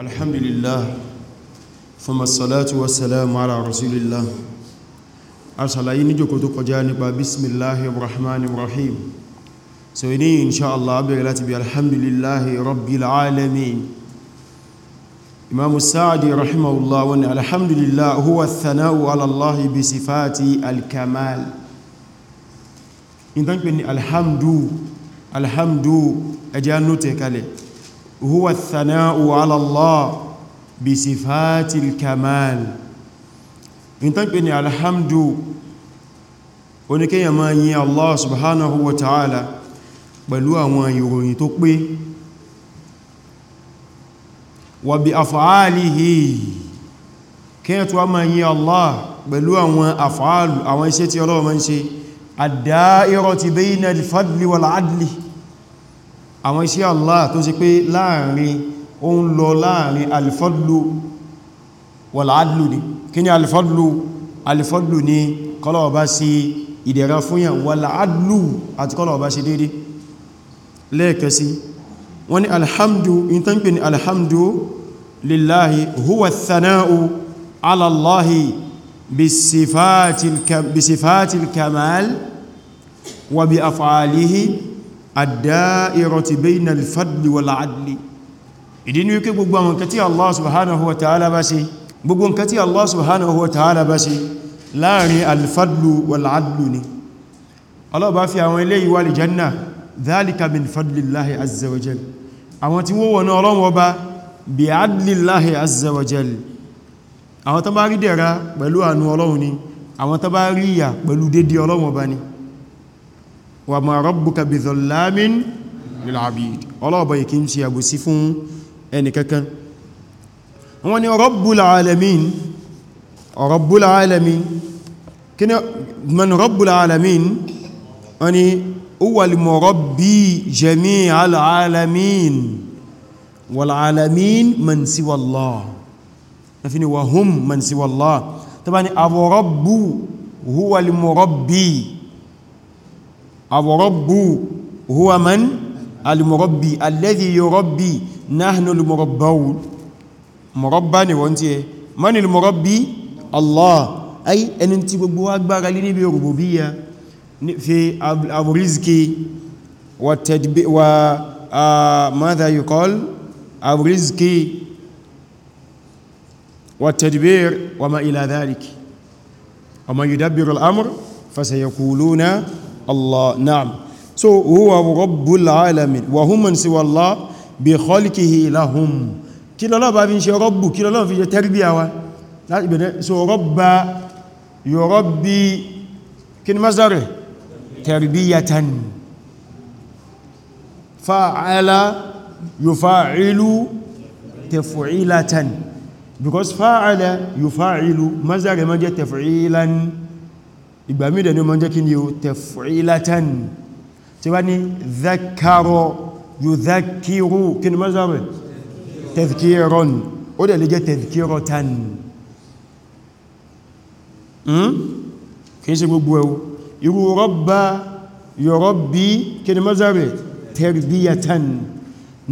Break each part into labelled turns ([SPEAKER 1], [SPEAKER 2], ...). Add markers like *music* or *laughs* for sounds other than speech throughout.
[SPEAKER 1] الحمد لله ثم الصلاة والسلام على رسول الله أرسل ينجو كتوك جانب بسم الله الرحمن الرحيم سويني إن شاء الله أبرلت الحمد لله رب العالمين إمام السعدي رحمه الله وأن الحمد لله هو الثناء على الله بصفات الكمال إن تنكبني الحمد الحمد أجانو تكالي هو الثناء على الله بصفات الكمال انتبهني على الحمد oníkẹ́ yà máa yìn Allah subhanahu wa ta'ala pẹ̀lú àwọn ìròyìn tó pé wà bí af'alihi kẹ́yà tó wá máa yìn Allah pẹ̀lú àwọn af'alu àwọn iṣẹ́ tí Ọlọ́run máa ń ṣe ad-da'irati bayna al-fadli wal-adli àwọn iṣẹ́ Allah tó ṣe pé láàrin ó ń lọ láàrin alifadlu wàláàdùlù ni kí ni alifadlu alifadlu ni kọlọ̀ọ̀bá sí ìdẹ̀ra fúnyàn wàláàdùlù àti kọlọ̀ọ̀bá sí dédé lẹ́ẹ̀kẹsí wọ́n ni alhamdu in alhamdu lillahi huwa thana'u ala bisifatil kamal wa bi af'alihi ad-da'irati bayna al-fadli wal-'adli ìdí ní wípé gbogbo àwọn nǹkan tí Allah subhanahu wa ta'ala bá ṣe gbogbo nǹkan tí Allah subhanahu wa ta'ala bá ṣe láàrin al-fadlu wal-'adlu ni Allah bá fi àwọn eléyìí wà al-janna dhalika min fadlillahi azza wa jal àwọn tí wọ́n wọ̀nà ọlọ́wọ́ bá ọlọ́run ọba ni wa ma rabbuka bi dhallamin lil abid ọlọ́ọ̀bọ̀ yìí kí ń ṣe àbòsí fún ẹni kankan wọ́n ni rabbul alamin rabbul alamin kí ni man rabbul alamin wọ́n ni huwal murabbi jami'al alamin wal alamin man siwa Allah na أو رب هو من المربي الذي يربي نحن المربون مربى ni wọ́n tí ẹ man المربي Allah ay ẹni tí gbogbo agbára lé níbi rububiyya fi abúríziki wa tadbi wa ماذا يقال abúríziki wa tadbir wa ma ila dhalik wa man yudabbiru al-amr fasayaquluna Allah naam so huwa rabbul alamin wa hum man siwa Allah bi khalqihi lahum kí lọ́lọ́ bá fi ń ṣe rọ́bù kí lọ́lọ́ fi ṣe tẹ́rìbíà wa láti bẹ̀rẹ̀ so rọ́bà yurabbi kí ni masdar tẹ́rìbíyatan fa'ala yufa'ilu taf'ilatan because fa'ala yufa'ilu masdar ma jẹ́ taf'ilan ìgbà mídẹ̀ ni ó máa jẹ́ kí ni ó taf'ilatan tí wá ní zakaro yudhakiru kí ni mọ́sánmẹ̀ tadhkiran ó dẹ̀ lè jẹ́ tadhkiratan hmm? kìí ṣe gbogbo ẹ̀wọ̀ irú rọ́bà yọ̀rọ̀bí kí ni mọ́sánmẹ̀ tarbiyatan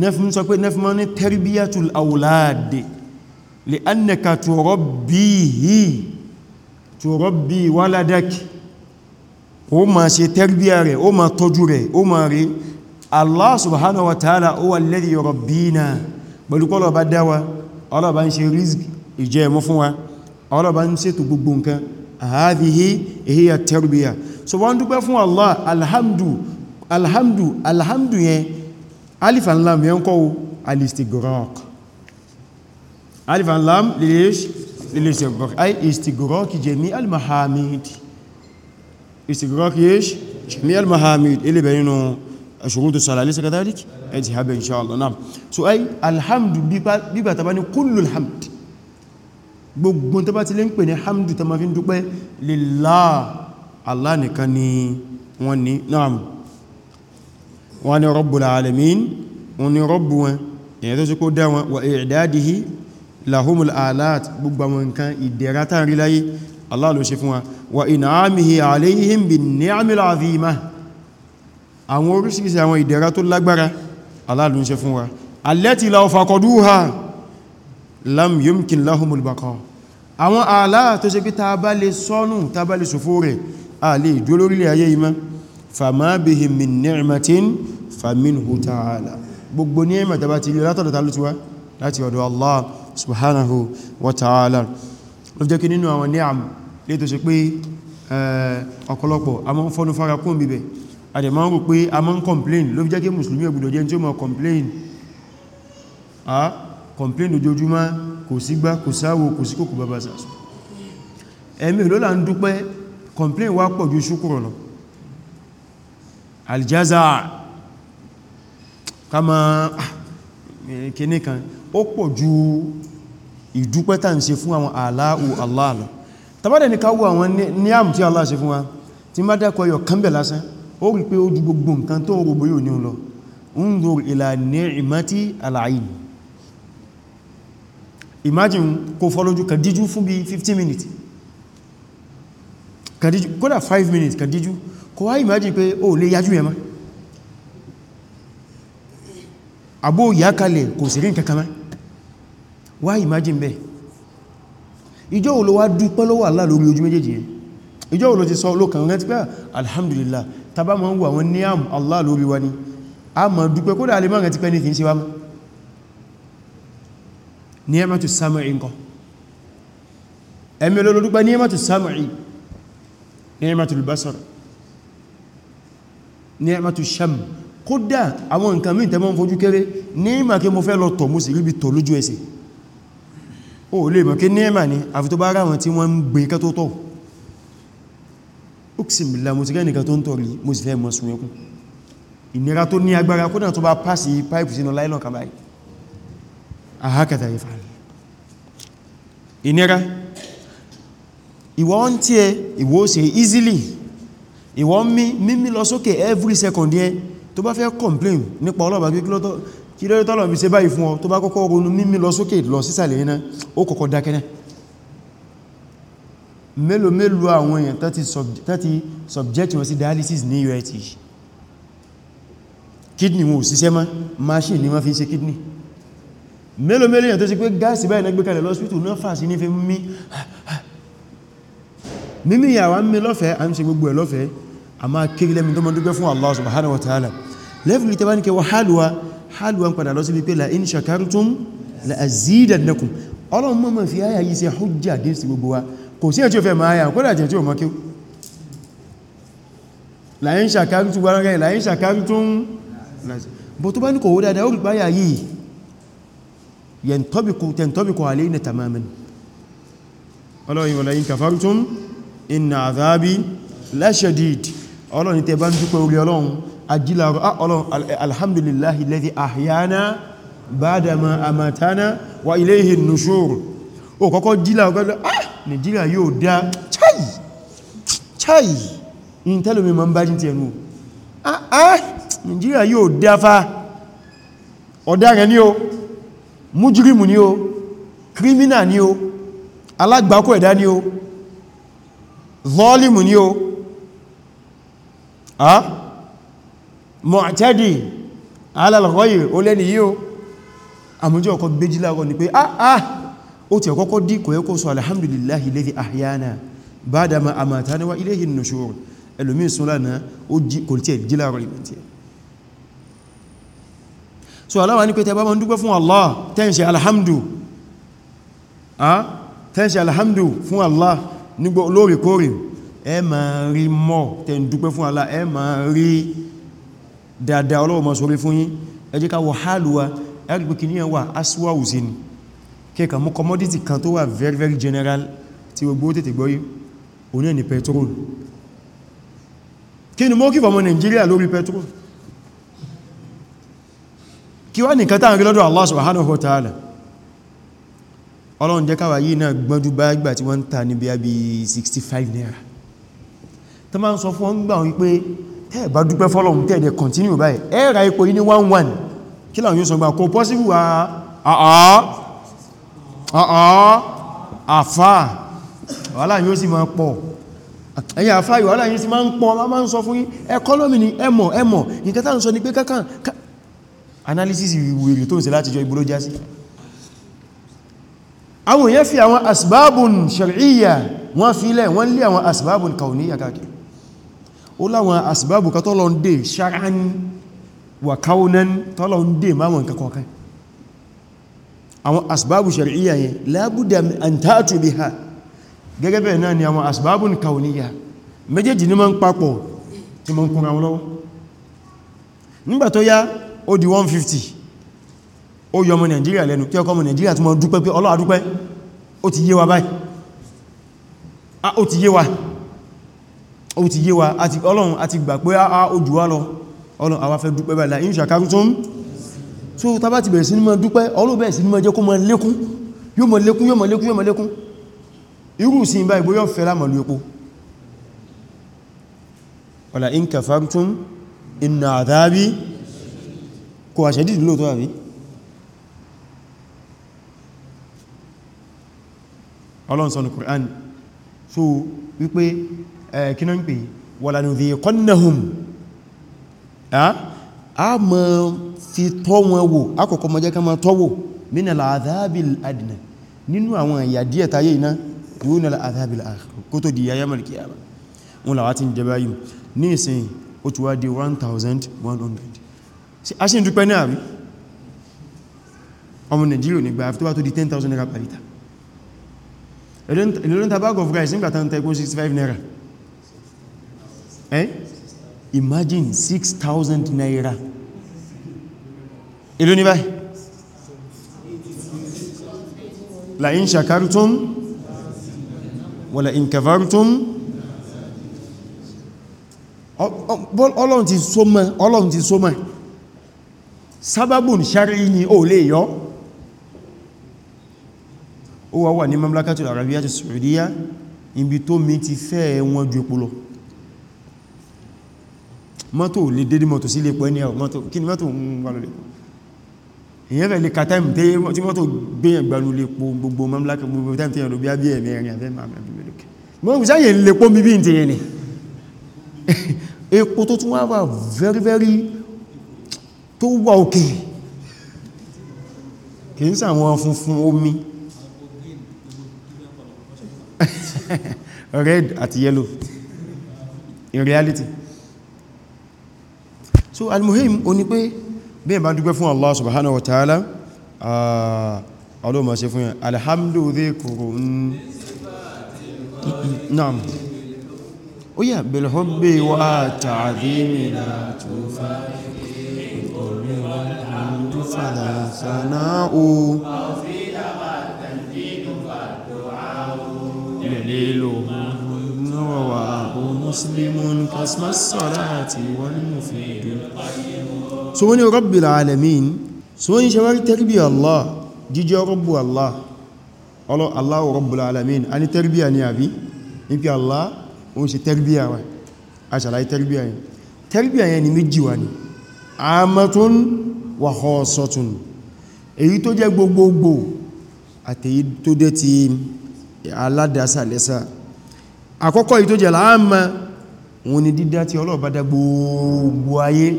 [SPEAKER 1] nẹ́fún sọ pé nẹ́fún mọ́ ní tarbiyatul awlad li'annaka turabbihi turabbi waladak ó ma ṣe tarbiya rẹ̀ ó ma tọ́jú rẹ̀ ó ma rí Allah subhanahu wa ta'ala huwa alladhi yurabbina pẹ̀lú kọ́lọ̀ bá dáwa ọlọ́ba ń ṣe rizq ìjẹ́ ẹmú fún wa ọlọ́ba ń ṣètò gbogbo nǹkan hadhihi hiya tarbiya so wọ́n dúpẹ́ fún Allah alhamdu لليس يكبر أي استقراك جميع المحامد استقراك إيش جميع المحامد اللي بينه شروط الصلاة ليس كذلك اذهب إن شاء الله نعم so أي الحمد بيبا تباني كل الحمد gbogbo tó bá ti lè ń pè ní hamdu tó ma fi ń dúpẹ́ lillah Allah nìkan ni wọ́n ni náà wọn èyàn tó sí kó dá wa i'dadihi lahumul alat gbogbo àwọn nǹkan ìdẹ̀ra tá rí láyé Allah ló ṣe fún wa wa in'amihi alayhim bin ni'amil azimah àwọn oríṣiríṣi àwọn ìdẹ̀ra tó lágbára Allah ló ṣe fún wa allati law faqaduha lam yumkin lahumul baqa àwọn àlá tó ṣe pé ta bá lè sọ́nù ta bá lè láti ọ̀dọ̀ Allah subhanahu wa ta'ala ló jẹ́ kí nínú àwọn ni'am lè tó ṣe pé ọ̀pọ̀lọpọ̀ a mọ́ ń fọ́nú fara kún bíbẹ̀ a dẹ̀ máa ń rò pé a mọ́ ń complain ló fi jẹ́ kí mùsùlùmí ẹgbùdọ̀ jẹ́ tí ó mọ́ complain a complain ojoojúmọ́ kò sí gbá kò sáwò kò sí kòkò bàbá sàṣù ẹ̀mí ló là ń dúpẹ́ complain wá pọ̀ ju ṣúkúrọ̀ lọ aljaza kama ah, kìnnìkan ó pọ̀ ju ìdúpẹ́ ń ṣe fún àwọn aláhù aláàlọ́ tàbádẹ̀ ní káwọ́ àwọn ní àmì tí aláà ṣe fún wa tí má dákọ̀ yọ kánbẹ̀ lásán ó rí pé ó ju gbogbo nǹkan tó rògbò yóò ní lọ unzur ila ni'mati al-ayn imagine kò ju kàdíjú fún 15 5 ìyákalẹ̀ kò sí rí nǹkan kan wá imagine bẹ́ ìjọ wo ló wá dúpẹ́ lọ́wọ́ Allah lórí ojú méjèèjì yẹn ìjọ wo ló ti sọ lókàn rántí pé alhamdulillah tàbá ma ń wà wọn ní àm Allah lórí wa ni a ma dúpẹ́ kódà alẹ́ mọ́rẹ̀ ti pẹ́ ní kìí ṣe wá mọ́ ní ẹmọ́ tó sam'i nǹkan ẹmí olólùdúpẹ́ ní ẹmọ́ tó sam'i ní ẹmọ́ tó basar ní ẹmọ́ tó sham kódà àwọn nǹkan mí tẹ́mọ́ fojú kéré ní ìmọ̀ kí mo fẹ́ lọ tọ̀ mú sí ríbi tọ̀ lójú ẹsẹ̀ o lè mọ̀ kí nẹ́ẹ̀mà ní àfi tó bá rá wọn tí wọ́n ń gbé kẹ́ tó tọ̀ òkìsìmìlà mo ti rẹ́ nìkan tó ń tọ̀ rí mo sì fẹ́ mọ́ sun ẹkùn ìnira tó ní agbára kódà tó bá pàsì pipe sínú láìlọ́n kàbáyì àhákàtà ìfààlì ìnira ìwọ ń tí ẹ easily ìwọ ń mí every second yẹn tó bá fẹ́ complain nípa ọlọ́bàá kí lórí tọ́lọ̀ fi ṣe báyìí fún ọ tó bá kọ́kọ́ ronú mímí lọ sókè lọ sísàlẹ̀ iná ó kọ́kọ́ dákẹ́ náà mélòó mélòó àwọn èèyàn tàti subject wọn sí dialysis ní UIT kidney wọn ò síṣẹ́ mọ́ machine ni wọ́n fi ṣe kidney mélòó mélòó èèyàn tó sì pé gáàsì báyìí náà gbé kalẹ̀ lọ́sítù náà fà sí ní fi mí mímí ìyàwó mi lọ́fẹ̀ẹ́ à ń ṣe gbogbo ẹ̀ lọ́fẹ̀ẹ́ wa ta'ala hálù wọn padà lọ sí wípé la in shakartum la azidannakum ọlọ́run mọ́ mọ́ fi áyà yìí ṣe hujja against gbogbo wa kò sí ẹ̀tí ò fẹ́ ma áyà kó dà jẹ́ tí ò mọ́ kí la in shakartum wọ́n rẹ̀ la in shakartum tó bá ní kò wó dáadáa ó rí páyà yìí yantabiqu tantabiqu alayna tamaman ọlọ́run wala in kafartum inna adhabi lashadid ọlọ́run tẹ bá ń dúpẹ́ orí ọlọ́run ajíláró ah, eh, alhamdulillahi lẹ́dí àhíyáná bádàmà àmàtánà wa ilayhi nushur o kọ́kọ́ jíláró pẹ̀lú ah Nigeria yóò dá chai chai in tẹ́lómi ma ń bá jí ti ẹnu ah ah Nigeria yóò dá fa ọ̀daràn ni o mújírìmù ni o kírímínà ni o alágbàkó ẹ̀dá ni o zọ́ọ̀lìmù ni o ah mọ̀tẹ́dì alàlọ́yì ó lẹ́ni yíó àmójú ọkọ̀ gbéjìláwọ̀ ni pé àà ah, ah, ó ti ọkọ́kọ́ dí kò yẹ kó sọ alhamdulillahi alladhi ahyana ba'dama amatana wa ilayhi an-nushur ẹlòmí ìsúnlànà ó kò tí ẹ̀ jíláwọ̀ ìmọ̀tí so aláwà ní pé tẹ bá mọ́ dúpẹ́ fún Allah tẹ́ǹṣẹ́ alhamdu tẹ́ǹṣẹ́ alhamdu fún Allah nígbò lóòrèkóòrè ẹ máa rí mọ́ tẹ́ dúpẹ́ fún rí dáadáa ọlọ́wọ́ ma sọrí fún yín ẹ jẹ́ ká wọ hálùwa ẹgbẹ̀ kì ní ẹwà aswáwù sí ni kẹka mú commodity kan tó wà very very general tí gbogbo tètè gbọ́yí oní ẹni petrol kí ni mọ́ kí fọmọ Nigeria lórí petrol kí wá nìkan táà rí lọ́dọ̀ Allah subhanahu wa ta'ala ọlọ́run jẹ́ káwà yìí náà gbọ́njú bá tí wọ́n ń ta níbi 65 naira tó máa ń sọ fún ọ́n gbà wípé ẹ bá dúpẹ́ fọ́lọ̀un tẹ́ẹ̀dẹ̀ continue báyìí ẹ ra ipò yìí ní 1-1 kí láwọn yóò sọ kò possible àà ah, ah. ah, àfà wàhálà yóò sì máa pọ̀ ẹ̀yà àfà wàhálà yóò sì máa ń pọ̀ ma máa ń sọ fún ẹkọ́lọ́mì ni ẹmọ̀ ẹmọ̀ nǹkan tán sọ ní analysis ìwèrè tó ń ṣe láti jọ ìbúrò jásí àwọn èèyàn fi àwọn asbábùn shar'iyya wọ́n fi lẹ̀ wọ́n lé àwọn asbábùn kauniyya káàkiri ó láwọn asìbábù kan tọ́lọ ń dè ṣáán wà káunan tọ́lọ ń dè máwọn nǹkan kọ̀ọ̀kan àwọn asìbábù ṣàríyà yẹn lábúdà an tààtù bí ha gẹ́gẹ́ bẹ̀rẹ̀ náà ni àwọn asìbábù kauniya méjèèjì ní ma ń papọ̀ tí ma ń kún àwọn lọ́wọ́ nígbà tó yá ó di 150 ó yọ ọmọ Nàìjíríà lẹ́nu kí ọkọ̀ ọmọ Nàìjíríà tó mọ́ dúpẹ́ pé Ọlọ́run ó ti yé wa àti ọlọ́run àti gbà pé a ojú wá lọ ọlọ́run àwa fẹ́ dúpẹ́ báyìí láì ṣàkárù tó ń so tàbá ti bẹ̀rẹ̀ sí ní mọ́ dúpẹ́ ọlọ́ bẹ̀rẹ̀ sí ní mọ́ jẹ́ kó mọ́ lékún yóò mọ́ lékún yóò mọ́ lékún yóò mọ́ lékún irú sí ibá ìbó yóò fẹ́ so wípé Eh, kí náà ń pè walanudhiqannahum ah, a mọ̀ fi tọ́ wọn wò akọ̀kọ́ mọ́ jẹ́ ká mọ́ tọ́wò minal adhabil adna nínú àwọn ìyà díẹ̀ tayé iná dúnà adhabil akhir kó tó di yayamal qiyamah wọn làwá ti ń jẹ báyìí ní ìsìn ó ti wá di 1100 a ṣe ń dúpẹ́ ní àrí ọmọ Nàìjíríà nígbà àfi tó bá tó di 10,000 naira per litre ìlú ń tabag of rice nígbà tán tẹ́kún 65 naira eh imagine 6000 naira ìlú ní báyìí la in shakartum wala in kafartum ọlọ́run ti so mọ́ ọlọ́run ti so mọ́ sábàbùn ṣarí ni ó lè yọ́ ó wà wà ní mamlakatul arabiya ti saudiya ibi tó mi ti fẹ́ wọn ju epo mọ́tò lè dédé mọ́tò sí lè pọ̀ ní ọ̀ mọ́tò kí ni mọ́tò ń wà lórí èyàn rẹ̀ lè ka táìmù tí mọ́tò gbéyàn gbanú lè po gbogbo mamlaka gbogbo táìmù tí yàn ló bí abí ẹ̀mẹ́ ẹ̀rin àfẹ́ máa mẹ́bí mẹ́lẹ̀kẹ́ mọ́ ìwùsá very very tó wà òkè kì í sàwọn funfun omi *laughs* red àti yellow in reality so almuhim o ni pé bí ẹ̀bá dúpẹ́ fún Allah subhanahu wa ta'ala ah, ọlọ́mọ̀ sí fún alhamdulillah naam ó yà bilhubbi wa ta'adhimi la tufa ìkòrí wa alhamdulillah sana'u مسلم قسم الصلاة والمفيد سوني رب العالمين سوني شوار تربية الله jíjẹ́ rọ́bù Allah Allahu Rabbul Alamin a ní tẹ́rbíyà ní àbí ní pí Allah oun ṣe tẹ́rbíyà wa a ṣàlàyé tẹ́rbíyà yẹn tẹ́rbíyà yẹn ni méjì wà ní amatun wa khassatun èyí tó jẹ́ gbogbogbò àtèyí tó dé ti aládásà lẹ́sà àkọ́kọ́ èyí tó jẹ́ láàmà wọn ni dídá tí ọlọ́ọ̀bá dá gbogbo ayé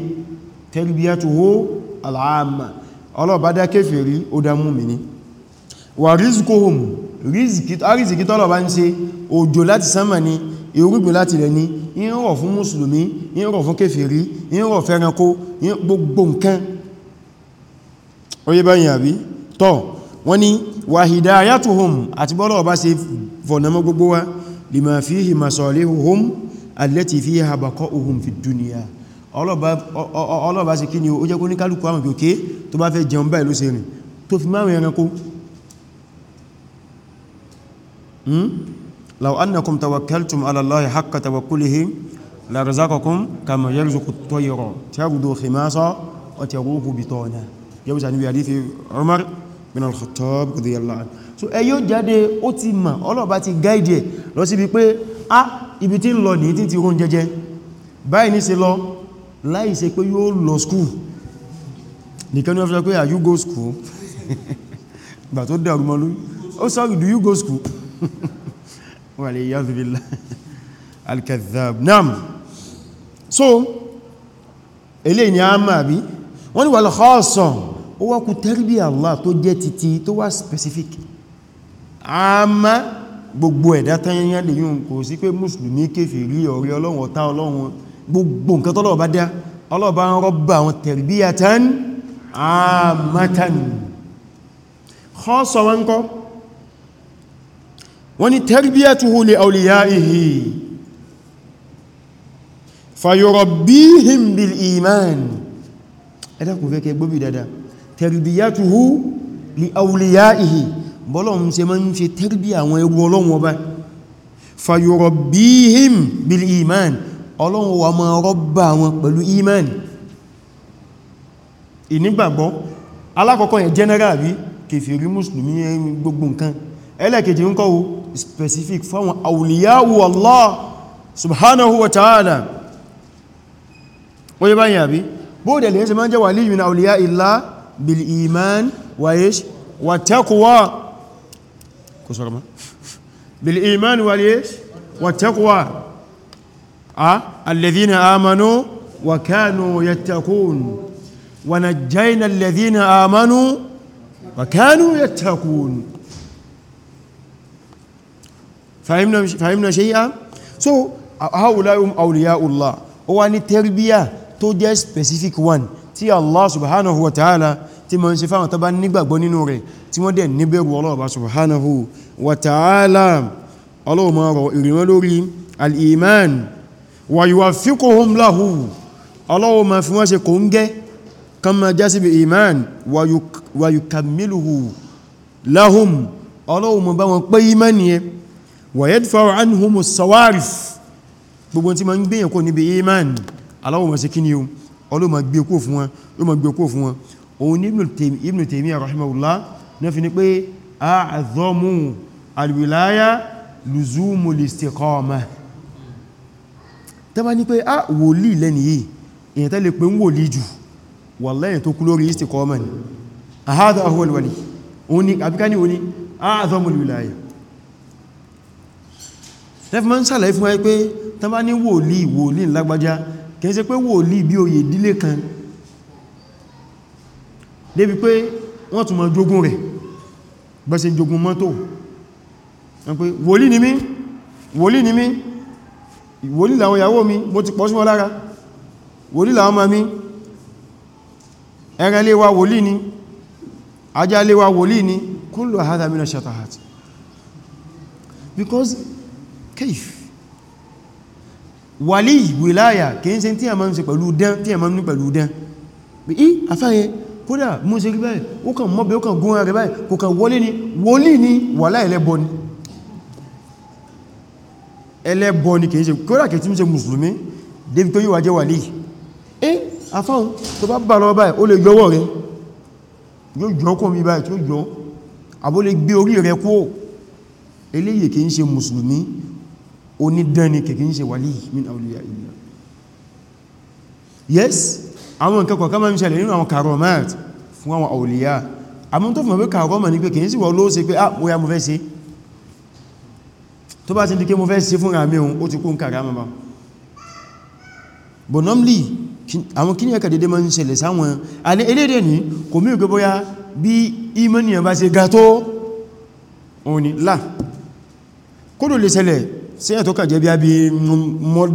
[SPEAKER 1] tarbiyatuhu al-amma ọlọ́ọ̀bá dá kéfèrí ó dá mùmínì wà rizquhum rízìkí tọ́lọ̀bá ń ṣe òjò láti sánmà ni irúgbìn láti rẹ̀ ní ìrọ̀ fún mùsùlùmí ìrọ̀ fún kéfèrí ìrọ̀ fẹ́ranko gbogbo nǹkan oye báyìí àbí tọ́ wọ́n ni wà hidayatuhum àti bọ́lọ̀ ọba ṣe fọ̀nàmọ́ gbogbo wa lima alẹ́tì fi àbàkọ́ ohun fi dúnìyà ọlọ́bàá sí kí ni ó jẹ́ kó ní kálùkù àwọn òkè tó bá fẹ́ jẹun báyìí ló ṣe rìn tó fi márùn ẹranko hmm? law annakum tawakkaltum ala Allahi haqqa tawakkulihi la razaqakum kama yarzuqu at-tayra taghdu khimasa wa taruhu bitana yau sa ni bi hadithi Umar ibi tí ń lọ ní tí ti rún jẹjẹ báyìí ní ṣe lọ láì ṣe pé yóò lọ school nìkan ní wọ́n fi sọ pé are you go school *laughs* gbà tó dẹ̀rù mọ́lú oh sorry do you go school *laughs* wà lè yá fi bílá *laughs* al-kadhdhab naam so eléyìí ni a máa bí wọ́n ni wà lọ́kọ́ọ̀sọ̀ ó wá kú tẹ́rìbí Allah tó jẹ́ titi tó wá specific àmá gbogbo ẹ̀dá tányányá lè yíò kò sí pé mùsùlùmí kèfèrí ọ̀rẹ́ ọlọ́run ọ̀tá ọlọ́run gbogbo nǹkan tọ́lọ̀ bá dá ọlọ́ọ̀bá ń rọ́bà àwọn tarbiyatan ammatan khassa wọn kọ́ wọ́n ni tarbiyatuhu li awliyaihi bọ́lọ̀un ṣe máa ń ṣe tẹ́rìbí àwọn ẹrú ọlọ́run ọba fayurabbihim bil iman ọlọ́run wa máa rọ́bà wọn pẹ̀lú iman ìnígbàgbọ́ alákọ̀ọ́kọ́ yẹn general bí kèfèrí mùsùlùmí gbogbo nǹkan ẹlẹ́kejì ń kọ́wọ́ specific fáwọn awliyahu Allah subhanahu wa ta'ala wọ́n yẹ báyìí àbí bóòdẹ̀ lè ṣe máa jẹ́ waliyun awliya illa bil iman wa ish wa taqwa كسرما بالإيمان والإيش والتقوى أه؟ الذين آمنوا وكانوا يتقون ونجينا الذين آمنوا وكانوا يتقون فهمنا فهمنا شيئا so هؤلاء هم أولياء الله هو أن التربية تو جاء specific one تي الله سبحانه وتعالى tí mo ń ṣe fáwọn tó bá nígbàgbọ́ nínú rẹ̀ tí wọ́n dẹ̀ níbẹ̀rù ọlọ́ọ̀bá subhanahu wa ta'ala ọlọ́ọ̀mọ́rọ̀ ìrìnwọ́n lórí al-iman wa yuwaffiquhum lahu ọlọ́ọ̀mọ́ fi wọ́n ṣe kò ń gẹ́ kan ma jásí bí iman wa yukammiluhu lahum ọlọ́ọ̀mọ́ bá wọn pé iman yẹ wa yadfa'u anhum as-sawarif gbogbo tí ma ń gbìyànkó níbi iman aláwọ̀ ma kí ni o ọlọ́ọ̀mọ́ gbé fún wọn òun ní Ibn Taymiyyah rahimahullah ní fi ní pé a'dhamu al-wilaya luzumul istiqamah tẹ́bá ní pé a ah, wòlíì lẹ́ni yìí èyàn tẹ́lẹ̀ pé ń wòlíì jù wallahi tó kú lórí istiqamah ni hadha huwa al-wali àbíká ní òní a'dhamul wilaya débi pé wọ́n tún mọ̀ jogun rẹ̀ bẹ́sẹ̀ jogun mọ́tò pé wòlí ni mí wòlí ni mí wòlí làwọn ìyàwó mi mo ti pọ̀ sí wọn lára wòlí làwọn ma mi ẹran léwa wòlí ni ajá léwa wòlí ni kullu hadha mina shatahat because kayf wàlí wìláyà kìí ṣe tí a máa ń ṣe pẹ̀lú dán tí a máa ń ní pẹ̀lú dán bí i afẹ́yẹn kódà mú sí rí báyìí ó kàn mọ́bẹ̀ ó kàn gún ara rẹ̀ báyìí kò kàn wọlé ni wọlé ni wàlá ẹlẹ́bọ ni ẹlẹ́bọ ni kìí ṣe kódà kìí tí ń ṣe mùsùlùmí débi tó yíwa jẹ́ wàlí eh afáhùn tó bá bà lọ báyìí ó lè yọwọ́ rẹ̀ yóò yọ kó mi báyìí tó yọ àbó lè gbé orí rẹ̀ kó eléyìí yes àwọn nǹkan kọ̀ọ̀kan máa ń ṣẹlẹ̀ nínú àwọn karomat fún àwọn àwòlìyà àmọ́ tó fún ọ̀pẹ́ karoma ní pé kìí sí wọ́n ló ṣe pé ah bóyá mo fẹ́ ṣe tó bá ti di pé mo fẹ́ ṣe fún àmì ohun ó ti kún karama ba but normally àwọn kíní ẹ̀kà dédé máa ń ṣẹlẹ̀ sáwọn alẹ́ elédè ní kò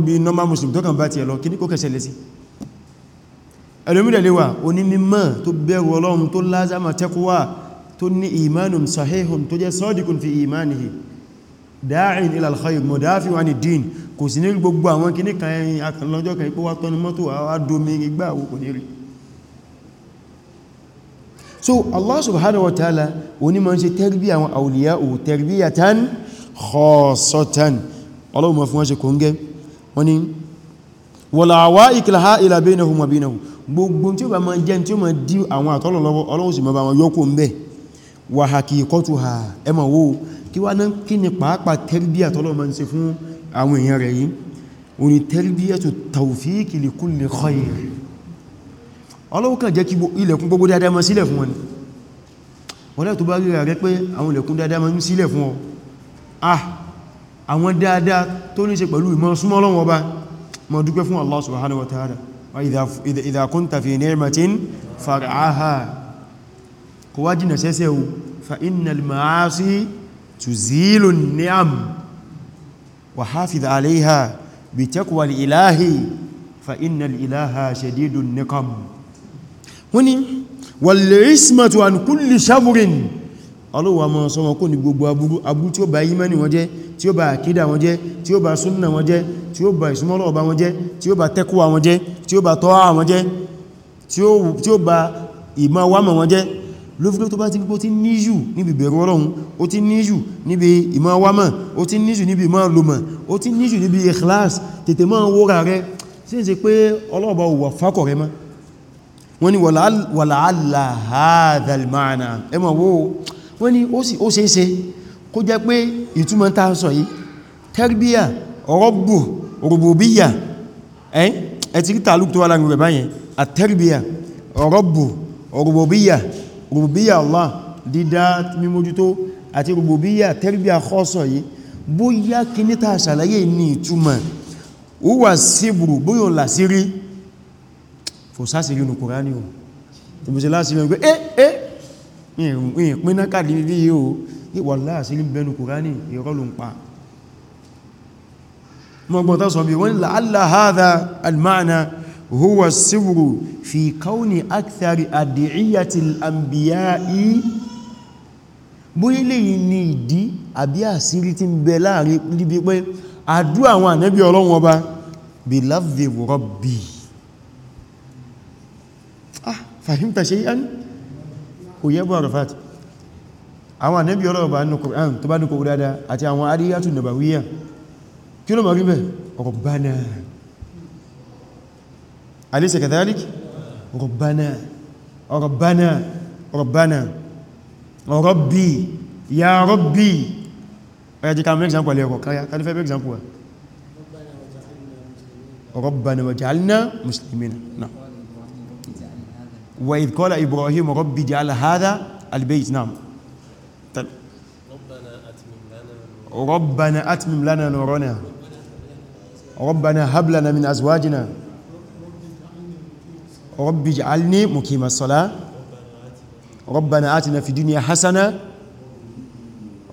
[SPEAKER 1] mí normal muslim tó kàn bá ti ẹ̀ lọ ẹlòmílẹ̀lẹ́wà onímímọ̀ tó bẹ̀rù ọlọ́run tó lázàmà tẹ́kúwà tó ní imanun sahihun tó jẹ́ sọ́dìkùn fi imanihi dá'in ila al-khayr mọ̀dáfí wa ní dín kò sí ní gbogbo àwọn kìní kan ẹ̀yìn akànlọ́jọ́ kan ní rí so Allah subhanahu wa ta'ala gbogbo tí ó bá ma jẹ́ tí ó ma dí àwọn àtọ́lọ̀ lọ́wọ́ Ọlọ́run ma bá wọn yọ́kò ń bẹ̀ wà hakikatu ha ẹmọ̀ wo kí wá náà kí ni pàápàá tẹ́rbíyà tọ́lọ̀ ma ń ṣe fún àwọn èèyàn rẹ̀ yìí ó ní tẹ́rbíyàtu tawfiqi li kulli khair Ọlọ́run kàn jẹ́ kí ilẹ̀kùn ma sílẹ̀ fún wọ́n tó bá rí rẹ̀ pé ma ń sílẹ̀ ah, dúpẹ́ fún Allah subhanahu wa ta'ala إذا إذا كنت في نعمة فرعها كواجنا سيسيو فإن المعاصي تزيل النعم وحافظ عليها بتقوى الإله فإن الإله شديد النقم هنا والعصمة عن كل شبر ọlọ́wà mọ́ sọ wọn kò ní gbogbo aburú aburú tí ó bá ìmánì wọn jẹ́ tí ó bá àkídà wọn jẹ́ tí ó bá súnnà wọn jẹ́ tí ó bá ìsúnmọ́lọ̀ ọba wọn jẹ́ tí ó bá tẹ́kùwà wọn jẹ́ tí ó bá tọ́wà wọn jẹ́ tí ó bá ìmọ̀ wámọ̀ wọn jẹ́ lófíkẹ́ tó bá ti pípọ́ tí níyù níbi bẹ̀rù ọlọ́run ó ti níyù níbi ìmọ̀ wámọ̀ ó ti níyù wọ́n ni wàlàálà hadha al wọ́n ní ó se ó ṣe é ṣe kó jẹ́ pé ìtumọ̀ ta sọ yìí tẹ́rbíyà ọ̀rọ̀bù rùbùbíyà ẹ̀ ti rí tààlùk tó wà láàrin rẹ̀ báyẹn àtẹ́rbíyà ọ̀rọ̀bù rùbùbíyà rùbùbíyà Allah dídá mímójútó àti rùbùbíyà tẹ́rbíyà kọ́sọ̀ yìí bóyá kíní ta ṣàlàyé ní ìtumọ̀ ó wà síbùrù bóyá ò làsírí fòsásìrí nù kùránì ò tìbùsẹ̀ lásìrí ẹ̀ ìpínná kàdí bí i o wallahi sí bẹnu kùránì irọ́ ló ń pa mọ́gbọ́ta sọ bí wọ́n la'alla hadha al-ma'na huwa as-sirru fi kauni akthari ad'iyyati al-anbiya'i bóyílé yìí ni ìdí àbí àsírí tí ń bẹ láàrin níbi pé òyẹ́bù àrùfàtì àwọn ànẹ́bí ọlọ́ọ̀bá nínú Kùránì tó bá ní kòrò dáadáa àti àwọn adíyàtù nàbàwíyà kí ló mọ̀rí bẹ̀ Rabbana alisa kadhalik Rabbana Rabbana Rabbana Rabbi ya Rabbi ọya jí ká mẹ́ example ẹ̀kọ̀ káyá ká ní fẹ́ mẹ́ وإذ قال إبراهيم رب جعل هذا البيت نعم ربنا أتمم لنا نورنا ربنا هب لنا من أزواجنا رب اجعلني مقيم الصلاة ربنا آتنا في دنيا حسنة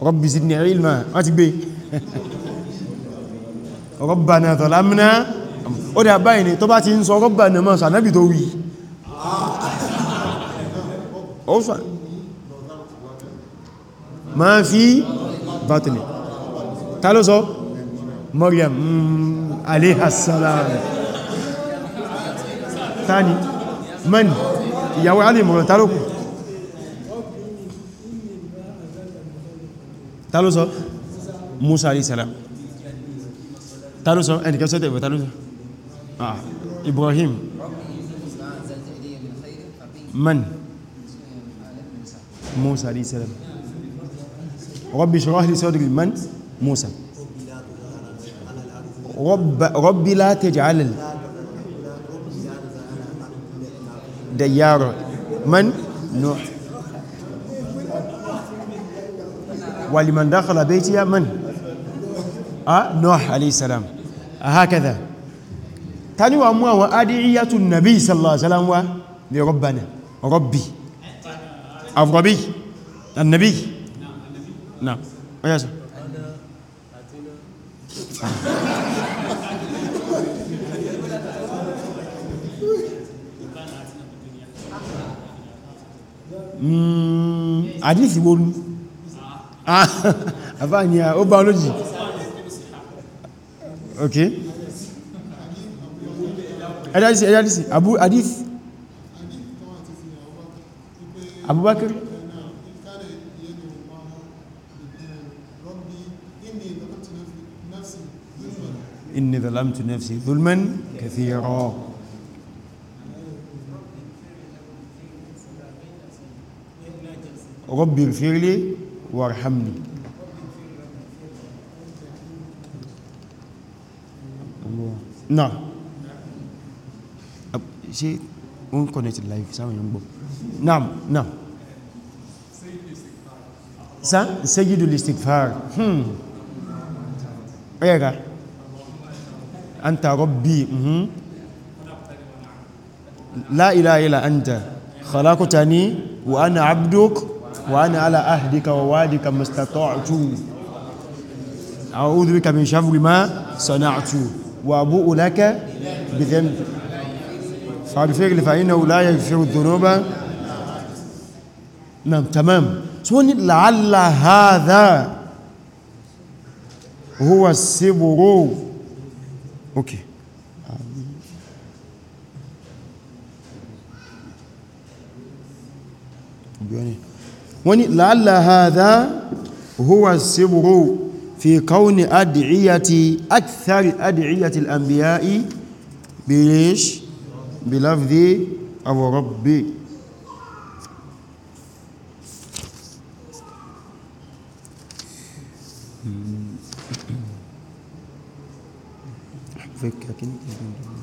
[SPEAKER 1] رب زدني علما أتبي ربنا ظلمنا ó dà báyìí ni tó bá ti ń sọ rọ́bà náà sànábì tó wí أوسع ما في باطنه تعالوا زو مريم عليها السلام ثاني من يا علي مريم تعالوا تعالوا زو موسى عليه السلام تعالوا زو أنت كيف سأتبقى تعالوا زو آه. إبراهيم من موسى عليه السلام ربي اشرح لي صدري من موسى رب ربي لا تجعل ديار من نوح ولمن دخل بيتي من آه نوح عليه السلام هكذا تاني وامو وأدعية النبي صلى الله عليه وسلم لربنا ربي الربي النبي نعم يا سلام àdísì wónú àfáàní ó bá olójì ok ẹ̀dàdìsì ẹ̀dàdìsì àdísì أبو بكر إني ظلمت نفسي ظلما كثيرا ربي اغفر لي وارحمني نعم شيء وين كونيت اللايف سامي نبغى نعم نعم سيد الاستغفار اقرا إيه انت ربي لا اله الا انت خلقتني وانا عبدك وانا على عهدك ووعدك ما استطعت اعوذ بك من شر ما صنعت وابوء لك بذنب فاغفر لي فانه لا يغفر الذنوب na tamam so wọ́n ni la'alla hadha huwa siburu ok wọ́n ni la'alla hadha huwa siburu fi kauni adìyàtì akthari adìyàtì al'ambiya'i bilish bilafdi abu rabbi Vekka kí ni kí ni kí ni?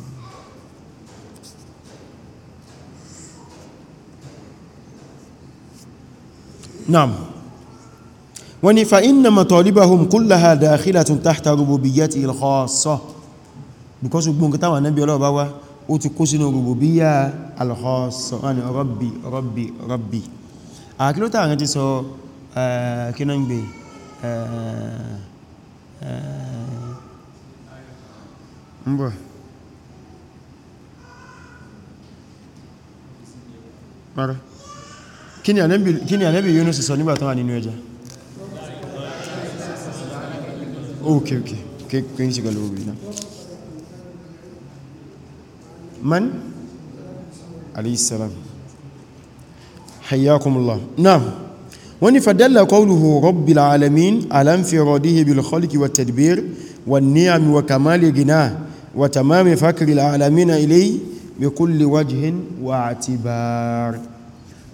[SPEAKER 1] Naam. Wọ́n ni fa'inna matalibahum kullaha dakhilatun tahta rububiyyati al-khassa. Because gbogbo ta wà náà bí ọlọ́ọ̀bá wá, ó ti kó sínú rububiyya al-khassa, wọ́n ni rabbi, rabbi, rabbi. Àkílótà àwọn ti sọ kí náà ń gbé Mbwa. Mara. Kí ni Ànábì kí ni Ànábì Yunus sọ nígbà tó wà nínú ẹja? Okay, okay. Ke ke nsi galo bi na. Man alayhi salam. Hayyakumullah. Naam. Wani fadalla qawluhu rabbil alamin alam fi radihi bil khalqi wat tadbir wan ni'am wa kamali ginah وتمام فكر العالمين إليه بكل وجه واعتبار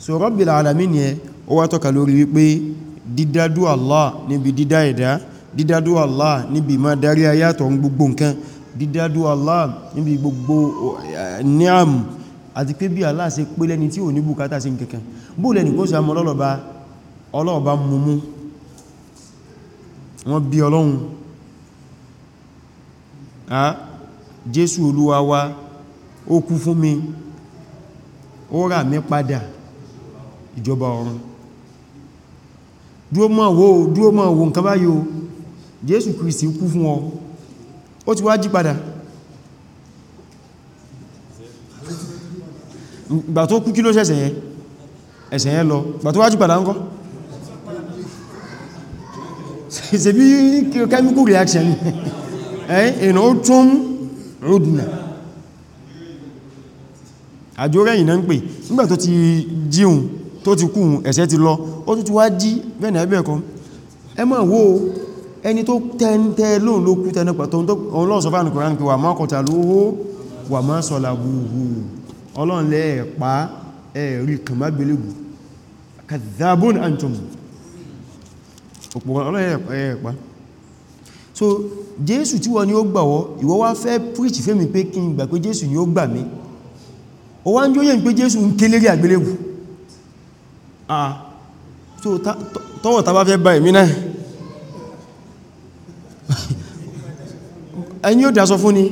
[SPEAKER 1] so رب العالمين yẹ ó wá tọ́ka lórí wípé dídádú Allah níbi dídá ẹ̀dá dídádú Allah níbi ìmá darí ayátọ̀ gbogbo nǹkan dídádú Allah níbi gbogbo ni'am àti pé bí Allah ṣe pé lẹ́ni tí ò ní bùkátà sí nǹkankan bó lẹ́ni kó sàmọ́ ọlọ́ọ̀bá ọlọ́ọ̀bá mumú wọ́n bí ọlọ́run jésù olúwa wa ó kú fún mi ó rà mí padà ìjọba ọ̀run dúó máa wo dúó máa wo nǹkan báyìí o jésù kristi kú fún ọ ó ti wá jí padà ìgbà tó kú kí ló ṣẹ̀ṣẹ̀ yẹn ẹ̀ṣẹ̀ yẹn lọ ìgbà tó wá jí padà ńkọ́ ṣe bí chemical reaction *laughs* ẹ̀yìn èèyàn ó tún udna àjò rẹ̀yìn náà ń pè nígbà tó ti jíun tó ti kú ẹ̀ṣẹ̀ ti lọ ó tó ti wá jí bẹ́ẹ̀nà ẹgbẹ́ ẹ̀kọ́ ẹ máa wo ẹni tó tẹ́ntẹ́ lóòun ló kú tẹ́nà pàtó ọlọ́run sọ fánà kòrán pé wà máa kọta lówó wà máa sọ̀là gbùgbù ọlọ́run lẹ́ẹ̀pá ẹ̀rí kàmágbélégù kàzàbùn antum ọ̀pọ̀ ọlọ́run lẹ́ẹ̀pá so jésù tí wọ́n ni o gbàwọ́ ìwọ wá fẹ́ preach fẹ́mi pé kí n gbà pé jésù ni ó gbà mí ó wá ń jóyè pé jésù ń kélérí àgbélébù ah so tọ́wọ̀ ta bá fẹ́ bá èmi náà ẹni ó dásọ fún ni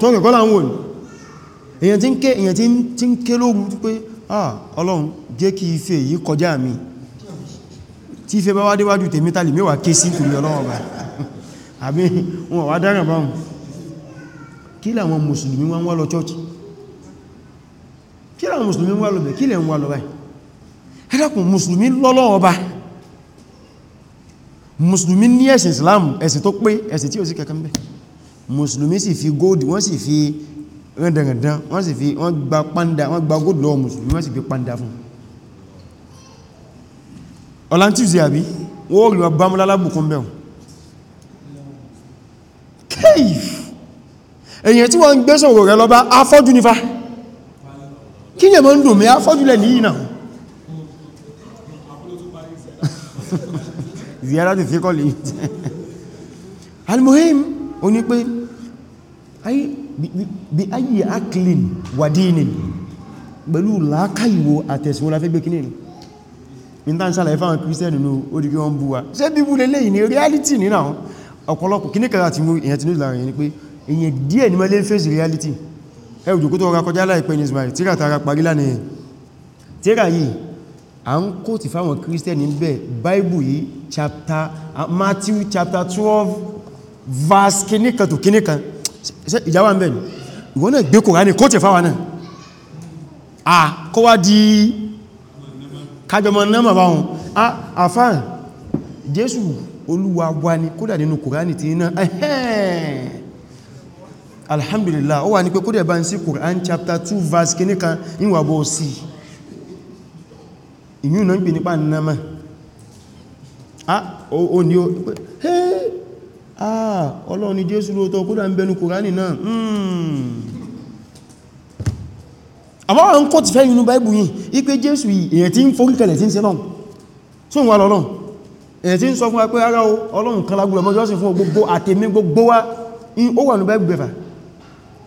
[SPEAKER 1] tó ń kẹ́kọ́ láwọn òní èyàn tí ń ké èyàn tí ń ké lóòrùn pé ah ọlọ́run jẹ́ kí ife yìí kọjá mi tí ife bá wá déwájú tèmi tàlì mẹ́wàá ké sí torí ọlọ́run báyìí àbí wọn wà dáràn báhùn kí làwọn mùsùlùmí wọ́n wá lọ chọ́ọ̀chì kí làwọn mùsùlùmí wá lọ bẹ̀ kí lẹ̀ ń wá lọ báyìí ẹ́dàkùn mùsùlùmí lọ́lọ́wọ́ bá mùsùlùmí ní ẹ̀sìn Islam ẹ̀sìn tó pé ẹ̀sìn tí ó sí kankan bẹ́ mùsùlùmí sì fi gold wọ́n sì fi rẹ̀dẹ̀rẹ̀dán wọ́n sì fi wọ́n gba panda wọ́n gba gold lọ́wọ́ mùsùlùmí wọ́n sì fi panda fún ọ̀làntíwsì àbí wọ́n rí ọba mọ́lá lábùkún èyàn tí wọ́n ń gbé sọ̀rọ̀ rẹ̀ lọ́bá afọ́jú nífà kí yẹ̀ mọ́ ń dùn mí afọ́jú lẹ̀ nìyí náà *laughs* ziyara ti fi kọlì *laughs* almuhim o ní pé bí ayi aklin wadinin pẹ̀lú làákàyèwò àtẹ̀sùn la fẹ́ gbé kíní ní tán sálàyé fáwọn kírísẹ́nì ní ó dìkí wọ́n bú wa ṣe bíbú lélẹ́yìn ni reality ní ọ̀pọ̀lọpọ̀ kí ní kẹta ti mú èyàn ti ní ìlànà yìí ni pé èyàn díẹ̀ ní mẹ́lẹ́ face reality ẹwù jòkó tó rakọjá láìpẹ́ ní Israel tíra tara parí lánàá yẹn tíra yìí à ń kó ti fáwọn Christian ní bẹ̀ Bible yìí chapter Matthew chapter 12 verse kìníkan tó kìníkan ìjáwà ń bẹ̀ ni ìwọ́n náà gbé Kùránì kó ti fáwọn náà à kó wá olúwa wa ni kódà nínú kùránì ti iná ẹ̀hẹ́n alhamdulillah ó wà ní pé kódà bá ń sí kùránì chapter 2 verse kìíní kan níwà bọ́ sí ìyún náà ń pè nípa nàmà ah, ó ní ó pé ah, ọlọ́run ni jésù lóòtọ́ kódà ń bẹnu kùránì náà hmm. àmọ́ àwọn kò ti fẹ́ inú báìbù yìí ipé jésù èyàn tí ń foríkẹlẹ̀ tí ń ṣe lọ́n tí wà lọ́lọ́run èyí tí ń sọ fún wa ara o ọlọ́run kan lágbùrọ̀ mọ́ jọ́sìn fún gbogbo àtẹ̀mí gbogbo wa in ó wà ní bẹ́ẹ̀ gbẹ̀fà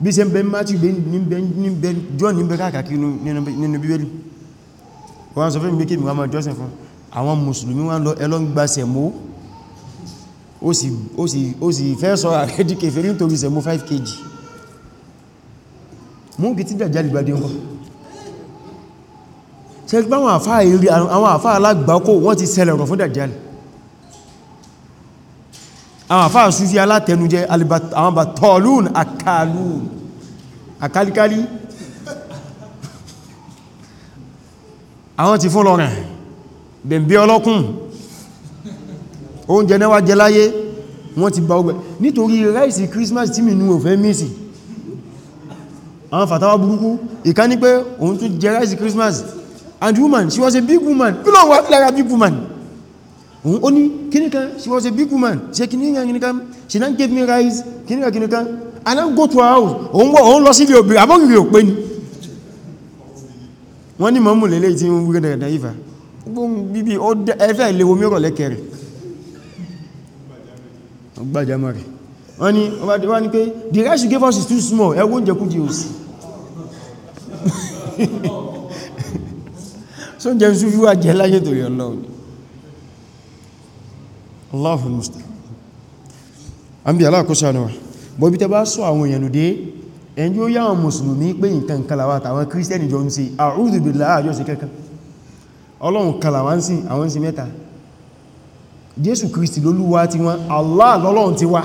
[SPEAKER 1] bí ṣe ń bẹ mátí níbẹ̀ john níbẹ̀ káàkiri nínú bíbélì wọ́n sọ fún mi kéèmì wà mọ́ jọ́sìn fún àwọn mùsùlùmí wọ́n lọ ẹlọ́n gbàṣẹ̀ mọ́ ó sì fẹ́ sọ ààrẹ di kèfèrí nítorí sẹ̀mọ́ 5 kg mú kí tí dàjá lè gbádé ńkọ́ ṣe gbá àwọn àfáà alágbàkó wọ́n ti sẹlẹ̀ ọ̀rọ̀ fún dàjá lè àwọn àfáà súfí alátẹnujẹ àwọn bá tọ́lún àkàlùn àkálíkálí àwọn ti fún lọ́rìn bẹ̀m̀bí ọlọ́kùn oúnjẹ náwà jẹ láyé wọ́n ti bá ọgbẹ̀ nítorí ráìsì Christmas tí mìnú ò fẹ́ mísì àwọn fàtàwà burúkú ìká ní pé òun tún jẹ ráìsì Christmas and woman she was a big woman kí lọ wà lára big woman òun mm, ó oh, ní kíníkan she was a big woman She kíníkan kíníkan she don give me rice kíníkan kíníkan i don go to her house òun wọ́ òun lọ sí ilé obìnrin abọ́gìrì òpé ni wọ́n ní mọ́mù lélẹ́ tí wọ́n wúrẹ́ dẹ̀rẹ̀dẹ̀ ìfà bíbí ẹfẹ́ ilé omi rọ̀ lẹ́kẹ̀ rẹ̀ gbájámọ́ rẹ̀ wọ́n ní wọ́n ní pé the rice you gave us is too small ẹgbọ́n jẹkújẹ òsì *laughs* so jẹ́ ń súfíwà jẹ́ láyé torí ọlọ́run Allahul musta'an an bí alákóṣà náà bọ́bí tẹ bá sọ àwọn èèyàn lòdé ẹn yóò yá àwọn mùsùlùmí pé nǹkan kalawa tàwọn kírísítẹ́nì jọ ń ṣe a'udhu billahi àjọ́ sí kankan ọlọ́run kalawa ń sìn àwọn sí mẹ́ta jésù kristi lólúwa ti wọn allah lọ́lọ́run ti wá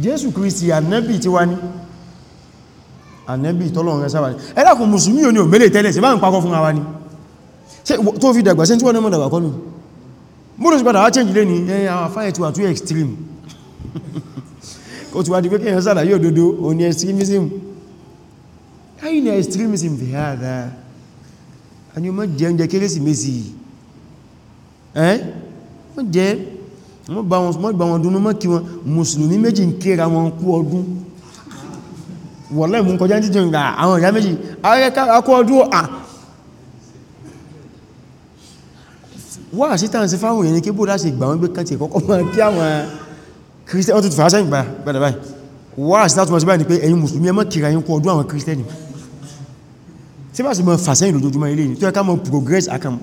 [SPEAKER 1] jésù kristi ànábì ti wá ní ànábì tọ́lọ́run rẹ̀ sáwà ní ẹlẹ́kùn mùsùlùmí ò ní òmẹ́lẹ̀ tẹ́lẹ̀ sí bá ń pakọ́ fún wa ní tó fi dàgbà sí tí wọ́n náà mọ́ dàgbà kọ́nù múrò sí padà wá change lé ní ẹ̀yà fire to too extreme kò tí wá di pé kí èyàn sàlàyé òdodo o ní extremism ayi ni extremism fi ha dá a ni o mọ́ jẹ oúnjẹ kérésìmesì ẹ́ mọ́ jẹ mọ́ bá wọn dúnú mọ́ kí wọn mùsùlùmí méjì ń kéra wọn kú ọdún wọ̀lẹ́ mú kọjá títí ìgbà àwọn ìyá méjì akọ́ ọdún wà sí tàn sí fáwọn èèyàn kí bó láti ìgbà wọn gbé kan ti kọ́kọ́ mọ́ kí àwọn kírísítẹ́nì wọ́n tó fàá sẹ́yìn gbàdà báyìí wà sí tàtùmọ̀ sí báyìí pé ẹ̀yin mùsùlùmí ẹ má kìrà yín kọ ọdún àwọn kírísítẹ́nì tí bá sì mọ́ fà sẹ́yìn lójoojúmọ́ ilé ni tó yẹ ká mọ́ progress akam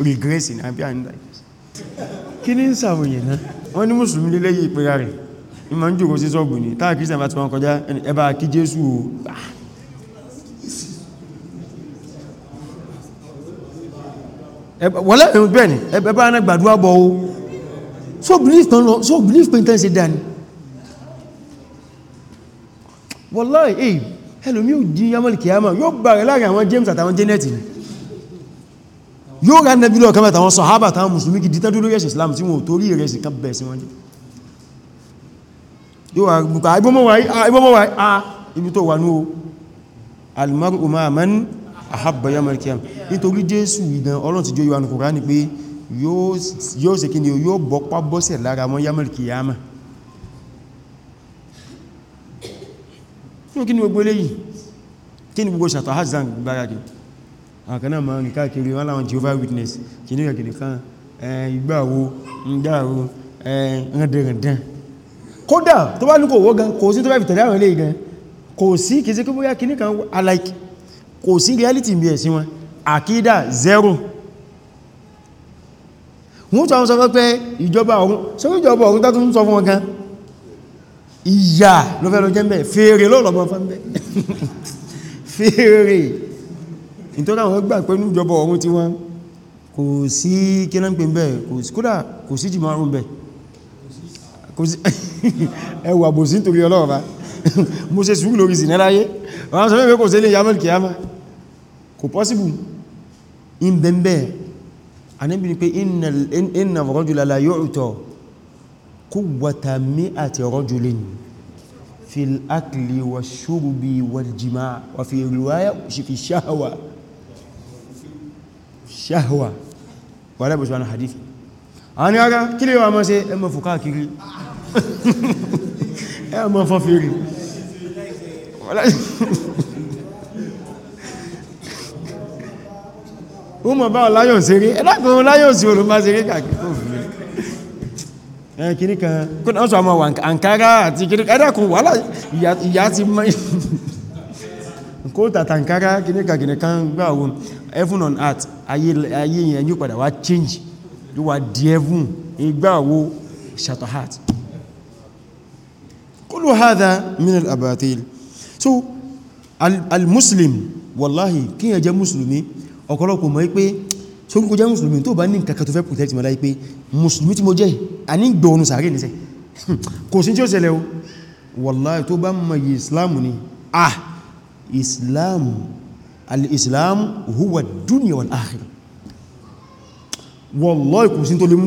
[SPEAKER 1] regress in àbí àndà kí ní sàwọn èèyàn náà wọ́n ní mùsùlùmí lélẹ́yìn ìpẹ́ra rẹ̀ ìmọ̀ ń jòkó sí sọ́gbù ni táà kírísítẹ́nì bá ti wọn kọjá ẹ bá kí Jésù wọ́lẹ́ ẹ̀rùn bẹ́ẹ̀ ni ẹbẹ́ bá náà gbàdúwà bọ̀ o so belief kan lọ so belief pé tẹ́ ṣe dání wallahi èyí ẹlòmí ò di yamal kiyama yóò bàrẹ̀ láàrin àwọn James àtàwọn Janet ni yóò rá nẹ́bí lọ kẹ́mẹ́ àtàwọn sọ̀hábà àtàwọn mùsùlùmí kì dítẹ́ dúró rẹ̀ṣẹ̀ Islam tí wọn ò torí rẹ̀ sí kan bẹ̀ sí wọn jẹ́ yóò wà bùkà ibọ́mọ́wà ibi tó wà ní o al-mar'u ma'a man ahabba yamal kiyama nítorí jésù ìdán ọlọ́run ti jó yíwa ní kòránì pé yóò ṣe kí ni yóò bọ́pá bọ́sẹ̀ lára wọn yamal kiyama kí ni gbogbo eléyìí kí ni gbogbo ṣàtọ̀ hazan gbáraki àkaná ma ń káàkiri wọ́n láwọn Jehovah Witness kì ní ẹ̀kìdì kan ìgbàwó ìgbàwó ẹ̀rẹ̀dẹ̀rẹ̀dẹ̀ kódà tó bá ní kò wọ́gan kò sí tó bá fi tẹ̀lé àwọn eléyìí gan kò sí kìí sí kí bóyá kìí kan alike kò sí reality bí ẹ̀sìn wọn àkídà zero wọ́n tó àwọn sọ pé ìjọba ọ̀run sọ ìjọba ọ̀run tó tún sọ fún wọn gan ìyà ló fẹ́ lọ jẹ́ mẹ́ fèrè lọ́lọ́bọ̀ fẹ́ mẹ́ fèrè nítorí àwọn gbà pẹ̀lú ìjọba ọ̀run tí wọ́n kò sí kíná ń pè ń bẹ̀ kódà kò sí jìmọ̀ àrùn bẹ̀ *laughs* *laughs* kò pọ́síbù in bẹ̀m̀bẹ̀ Ànábì ní pé inna rajula la yu'ta quwwata mi'ati rajulin fil akli wa shurbi wal jima' wa fi riwaya fi shahwa shahwa wà lẹ́bù sí wọn hadithi a mọ́ sí ẹmọ ó mọ̀ bá ọláyọ̀ ṣeré ẹ̀lákan ọláyọ̀ sí olùmá ṣeré kàkiri kò fi ẹ̀ kìrí kan on earth ayé yẹn yóò padà change yóò wá di wo shatahat kullu hadha min al-abatil so al-muslim wallahi kí yẹn musulmi ọ̀pọ̀lọpọ̀ mọ̀ pé tí ó ń kó jẹ́ mùsùlùmí tó bá ní nǹkankan tó fẹ́ protect mọ́lá pé mùsùlùmí tí mo jẹ́ a ní gbọ́ọ̀nù sàárè nìsẹ̀ kò sí tí ó ṣẹlẹ̀ o wallahi tó bá mọ̀ yí islamu ni ah islamu al huwa dunya wal akhirah wallahi kò sí tó lè mú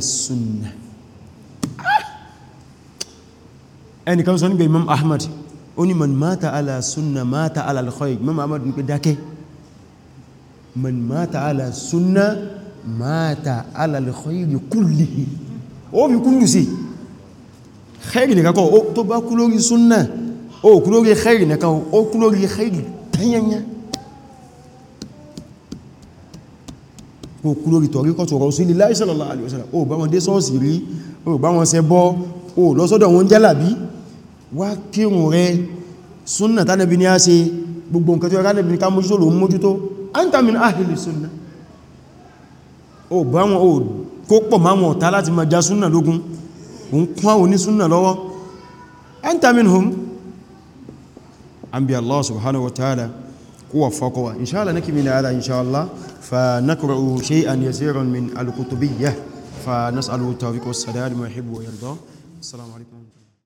[SPEAKER 1] sunnah ẹnìkan sọ nígbà imam ahmad ó ní man mata ala sunna mata ala al-khayr imam ahmad ní pé dákẹ́ man mata ala sunna mata ala al-khayr kullihi ó fi kúlù sí khairi nìkan kọ́ tó bá kú lórí sunna ó kú lórí khairi nìkan ó kú lórí khairi tanyanya ó kú lórí tọ̀ríkọ̀ tọ̀rọ̀ Rasulullahi sallallahu alaihi wasallam ó bá wọn dé sọ́ọ̀sì rí ó bá wọn ṣẹbọ ó lọ sọ́dọ̀ wọn jálàbí wá kírùn rẹ súnnà tánàbí ní a ṣe gbogbo nǹkan tí ó ránàbí ní ká mójútó lò ń mójútó anta min ahli súnnà ó bá wọn ó kó pọ̀ má wọn ọ̀tá láti ma já súnnà lógún òun kún àwọn oní súnnà lọ́wọ́ anta minhum an bi Allah subhanahu wa ta'ala kuwa fakowa inshallah nake min hada inshallah fa nakra'u shay'an yasiran min al fa nas'alu tawfiq was sadad ma wa yarda assalamu alaikum